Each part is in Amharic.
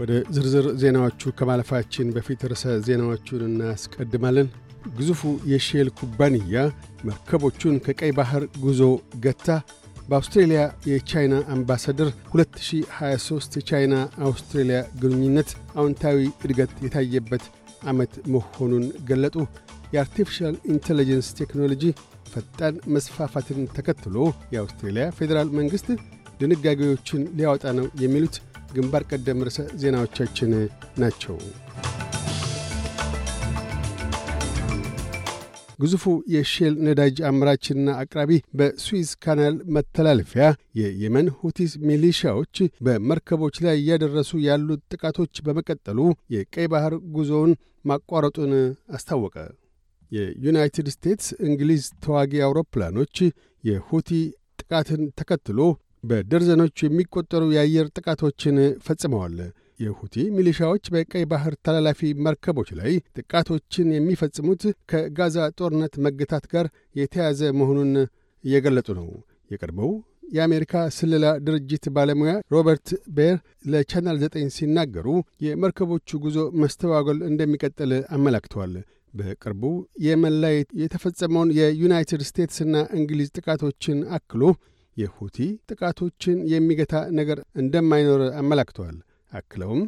ወደ ዝርዝር ዜናዎቹ ከማለፋችን በፊት ርዕሰ ዜናዎቹን እናስቀድማለን። ግዙፉ የሼል ኩባንያ መርከቦቹን ከቀይ ባህር ጉዞ ገታ። በአውስትሬልያ የቻይና አምባሳደር 2023 የቻይና አውስትሬልያ ግንኙነት አዎንታዊ እድገት የታየበት ዓመት መሆኑን ገለጡ። የአርቲፊሻል ኢንቴሊጀንስ ቴክኖሎጂ ፈጣን መስፋፋትን ተከትሎ የአውስትሬልያ ፌዴራል መንግሥት ድንጋጌዎችን ሊያወጣ ነው የሚሉት ግንባር ቀደም ርዕሰ ዜናዎቻችን ናቸው። ግዙፉ የሼል ነዳጅ አምራችና አቅራቢ በስዊዝ ካናል መተላለፊያ የየመን ሁቲስ ሚሊሻዎች በመርከቦች ላይ እያደረሱ ያሉት ጥቃቶች በመቀጠሉ የቀይ ባህር ጉዞውን ማቋረጡን አስታወቀ። የዩናይትድ ስቴትስ እንግሊዝ ተዋጊ አውሮፕላኖች የሁቲ ጥቃትን ተከትሎ በደርዘኖች የሚቆጠሩ የአየር ጥቃቶችን ፈጽመዋል። የሁቲ ሚሊሻዎች በቀይ ባህር ተላላፊ መርከቦች ላይ ጥቃቶችን የሚፈጽሙት ከጋዛ ጦርነት መገታት ጋር የተያያዘ መሆኑን እየገለጡ ነው። የቀድሞው የአሜሪካ ስለላ ድርጅት ባለሙያ ሮበርት ቤር ለቻናል 9 ሲናገሩ የመርከቦቹ ጉዞ መስተዋገል እንደሚቀጥል አመላክተዋል። በቅርቡ የመን ላይ የተፈጸመውን የዩናይትድ ስቴትስና እንግሊዝ ጥቃቶችን አክሎ የሁቲ ጥቃቶችን የሚገታ ነገር እንደማይኖር አመላክተዋል። አክለውም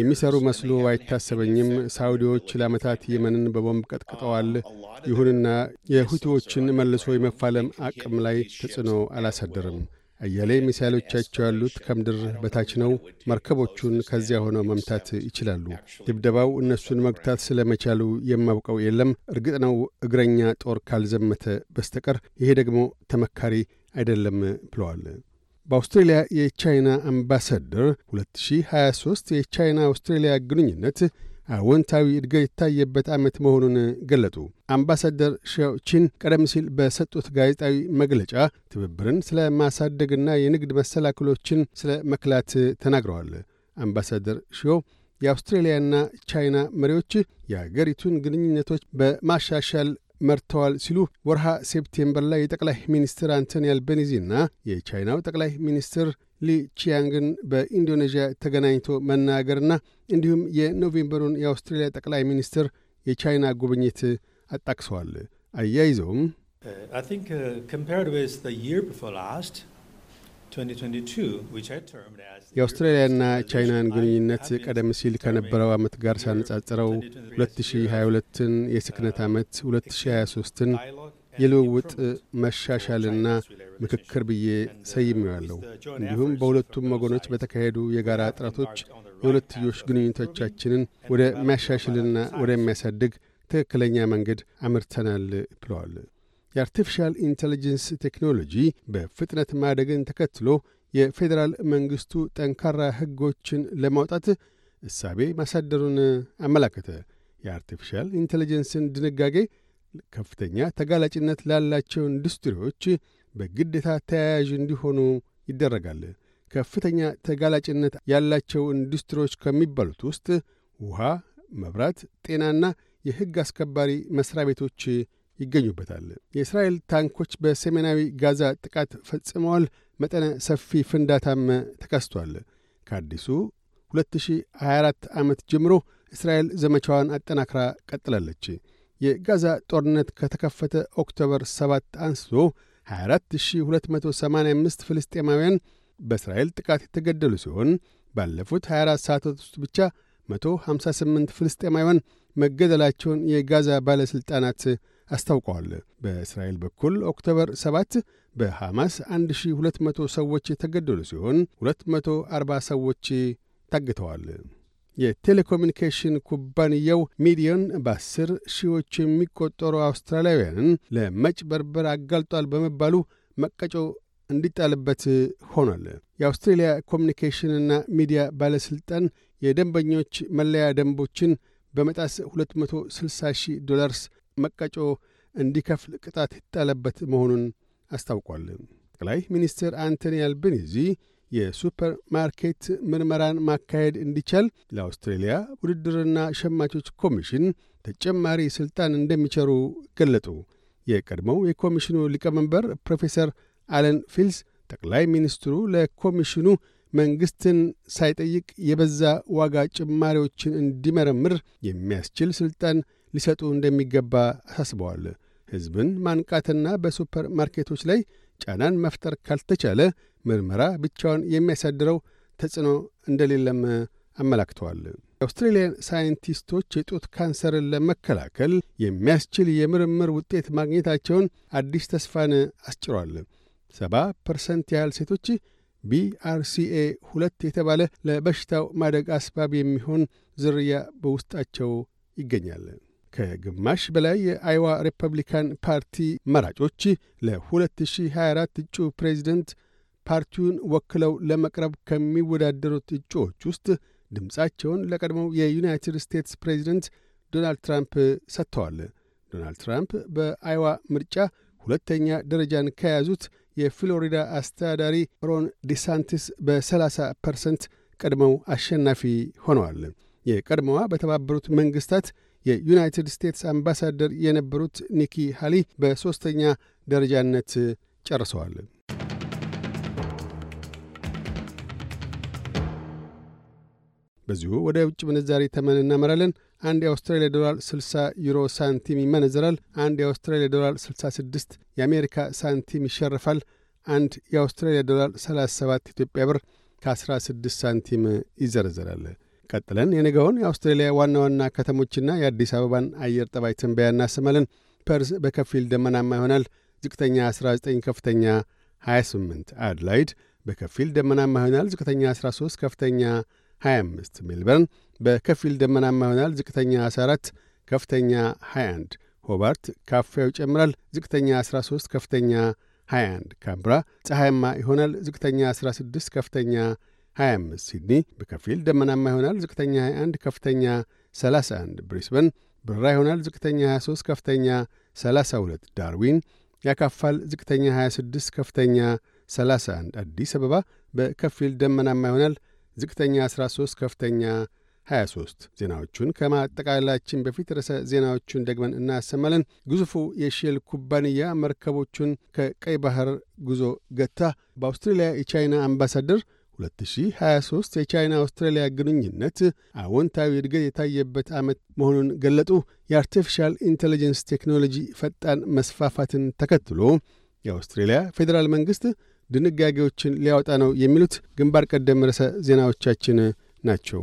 የሚሰሩ መስሎ አይታሰበኝም። ሳውዲዎች ለዓመታት የመንን በቦምብ ቀጥቅጠዋል። uh, ይሁንና የሁቲዎችን መልሶ የመፋለም አቅም ላይ ተጽዕኖ አላሳደርም። አያሌ ሚሳይሎቻቸው ያሉት ከምድር በታች ነው። መርከቦቹን ከዚያ ሆነው መምታት ይችላሉ። ድብደባው እነሱን መግታት ስለመቻሉ የማውቀው የለም። እርግጥ ነው እግረኛ ጦር ካልዘመተ በስተቀር ይሄ ደግሞ ተመካሪ አይደለም ብለዋል። በአውስትሬልያ የቻይና አምባሳደር 2023 የቻይና አውስትሬልያ ግንኙነት አዎንታዊ እድገት የታየበት ዓመት መሆኑን ገለጡ። አምባሳደር ሻዎቺን ቀደም ሲል በሰጡት ጋዜጣዊ መግለጫ ትብብርን ስለ ማሳደግና የንግድ መሰላክሎችን ስለ መክላት ተናግረዋል። አምባሳደር ሺዮ የአውስትሬልያና ቻይና መሪዎች የአገሪቱን ግንኙነቶች በማሻሻል መርተዋል ሲሉ ወርሃ ሴፕቴምበር ላይ የጠቅላይ ሚኒስትር አንቶኒ አልበኒዚና የቻይናው ጠቅላይ ሚኒስትር ሊ ቺያንግን በኢንዶኔዥያ ተገናኝቶ መናገርና እንዲሁም የኖቬምበሩን የአውስትሬልያ ጠቅላይ ሚኒስትር የቻይና ጉብኝት አጣቅሰዋል። አያይዘውም uh, የአውስትራሊያና ቻይናን ግንኙነት ቀደም ሲል ከነበረው ዓመት ጋር ሳነጻጽረው 2022ን የስክነት uh, ዓመት 2023ን የልውውጥ መሻሻልና ምክክር ብዬ uh, ሰይሜዋለሁ። እንዲሁም በሁለቱም ወገኖች በተካሄዱ የጋራ ጥረቶች የሁለትዮሽ ግንኙነቶቻችንን ወደ ሚያሻሽልና ወደሚያሳድግ ትክክለኛ መንገድ አምርተናል ብለዋል። የአርቲፊሻል ኢንቴሊጀንስ ቴክኖሎጂ በፍጥነት ማደግን ተከትሎ የፌዴራል መንግሥቱ ጠንካራ ሕጎችን ለማውጣት እሳቤ ማሳደሩን አመላከተ። የአርቲፊሻል ኢንቴሊጀንስን ድንጋጌ ከፍተኛ ተጋላጭነት ላላቸው ኢንዱስትሪዎች በግዴታ ተያያዥ እንዲሆኑ ይደረጋል። ከፍተኛ ተጋላጭነት ያላቸው ኢንዱስትሪዎች ከሚባሉት ውስጥ ውሃ፣ መብራት፣ ጤናና የሕግ አስከባሪ መሥሪያ ቤቶች ይገኙበታል። የእስራኤል ታንኮች በሰሜናዊ ጋዛ ጥቃት ፈጽመዋል። መጠነ ሰፊ ፍንዳታም ተከስቷል። ከአዲሱ 2024 ዓመት ጀምሮ እስራኤል ዘመቻዋን አጠናክራ ቀጥላለች። የጋዛ ጦርነት ከተከፈተ ኦክቶበር 7 አንስቶ 24285 ፍልስጤማውያን በእስራኤል ጥቃት የተገደሉ ሲሆን ባለፉት 24 ሰዓታት ውስጥ ብቻ 158 ፍልስጤማውያን መገደላቸውን የጋዛ ባለሥልጣናት አስታውቀዋል። በእስራኤል በኩል ኦክቶበር 7 በሐማስ 1200 ሰዎች የተገደሉ ሲሆን 240 ሰዎች ታግተዋል። የቴሌኮሚኒኬሽን ኩባንያው ሚዲዮን በአስር ሺዎች የሚቆጠሩ አውስትራሊያውያንን ለመጭበርበር አጋልጧል በመባሉ መቀጮ እንዲጣልበት ሆኗል። የአውስትሬልያ ኮሚኒኬሽንና ሚዲያ ባለሥልጣን የደንበኞች መለያ ደንቦችን በመጣስ 260 ሺህ ዶላርስ መቀጮ እንዲከፍል ቅጣት ይጣለበት መሆኑን አስታውቋል። ጠቅላይ ሚኒስትር አንቶኒ አልቤኒዚ የሱፐር ማርኬት ምርመራን ማካሄድ እንዲቻል ለአውስትሬልያ ውድድርና ሸማቾች ኮሚሽን ተጨማሪ ሥልጣን እንደሚቸሩ ገለጡ። የቀድሞው የኮሚሽኑ ሊቀመንበር ፕሮፌሰር አለን ፊልስ ጠቅላይ ሚኒስትሩ ለኮሚሽኑ መንግሥትን ሳይጠይቅ የበዛ ዋጋ ጭማሪዎችን እንዲመረምር የሚያስችል ሥልጣን ሊሰጡ እንደሚገባ አሳስበዋል። ሕዝብን ማንቃትና በሱፐር ማርኬቶች ላይ ጫናን መፍጠር ካልተቻለ ምርመራ ብቻውን የሚያሳድረው ተጽዕኖ እንደሌለም አመላክተዋል። የአውስትሬልያን ሳይንቲስቶች የጡት ካንሰርን ለመከላከል የሚያስችል የምርምር ውጤት ማግኘታቸውን አዲስ ተስፋን አስጭሯል። ሰባ ፐርሰንት ያህል ሴቶች ቢአርሲኤ ሁለት የተባለ ለበሽታው ማደግ አስባብ የሚሆን ዝርያ በውስጣቸው ይገኛል። ከግማሽ በላይ የአይዋ ሪፐብሊካን ፓርቲ መራጮች ለ2024 እጩ ፕሬዚደንት ፓርቲውን ወክለው ለመቅረብ ከሚወዳደሩት እጩዎች ውስጥ ድምፃቸውን ለቀድሞው የዩናይትድ ስቴትስ ፕሬዚደንት ዶናልድ ትራምፕ ሰጥተዋል። ዶናልድ ትራምፕ በአይዋ ምርጫ ሁለተኛ ደረጃን ከያዙት የፍሎሪዳ አስተዳዳሪ ሮን ዲሳንቲስ በ30 ፐርሰንት ቀድመው አሸናፊ ሆነዋል። የቀድሞዋ በተባበሩት መንግሥታት የዩናይትድ ስቴትስ አምባሳደር የነበሩት ኒኪ ሃሊ በሦስተኛ ደረጃነት ጨርሰዋል። በዚሁ ወደ ውጭ ምንዛሪ ተመን እናመራለን። አንድ የአውስትራሊያ ዶላር 60 ዩሮ ሳንቲም ይመነዘራል። አንድ የአውስትራሊያ ዶላር 66 የአሜሪካ ሳንቲም ይሸርፋል። አንድ የአውስትራሊያ ዶላር 37 ኢትዮጵያ ብር ከ16 ሳንቲም ይዘረዘራል። ቀጥለን የነገውን የአውስትሬልያ ዋና ዋና ከተሞችና የአዲስ አበባን አየር ጠባይ ትንበያ እናሰማለን። ፐርስ በከፊል ደመናማ ይሆናል። ዝቅተኛ 19፣ ከፍተኛ 28። አድላይድ በከፊል ደመናማ ይሆናል። ዝቅተኛ 13፣ ከፍተኛ 25። ሜልበርን በከፊል ደመናማ ይሆናል። ዝቅተኛ 14፣ ከፍተኛ 21። ሆባርት ካፋው ይጨምራል። ዝቅተኛ 13፣ ከፍተኛ 21። ካምብራ ፀሐይማ ይሆናል። ዝቅተኛ 16፣ ከፍተኛ 25 ሲድኒ በከፊል ደመናማ ይሆናል። ዝቅተኛ 21 ከፍተኛ 31 ብሪስበን ብራ ይሆናል። ዝቅተኛ 23 ከፍተኛ 32 ዳርዊን ያካፋል። ዝቅተኛ 26 ከፍተኛ 31 አዲስ አበባ በከፊል ደመናማ ይሆናል። ዝቅተኛ 13 ከፍተኛ 23 ዜናዎቹን ከማጠቃላላችን በፊት ርዕሰ ዜናዎቹን ደግመን እናሰማለን። ግዙፉ የሼል ኩባንያ መርከቦቹን ከቀይ ባህር ጉዞ ገታ። በአውስትሬልያ የቻይና አምባሳደር 2023 የቻይና አውስትራሊያ ግንኙነት አዎንታዊ እድገት የታየበት ዓመት መሆኑን ገለጡ። የአርቲፊሻል ኢንቴሊጀንስ ቴክኖሎጂ ፈጣን መስፋፋትን ተከትሎ የአውስትሬልያ ፌዴራል መንግሥት ድንጋጌዎችን ሊያወጣ ነው የሚሉት ግንባር ቀደም ርዕሰ ዜናዎቻችን ናቸው።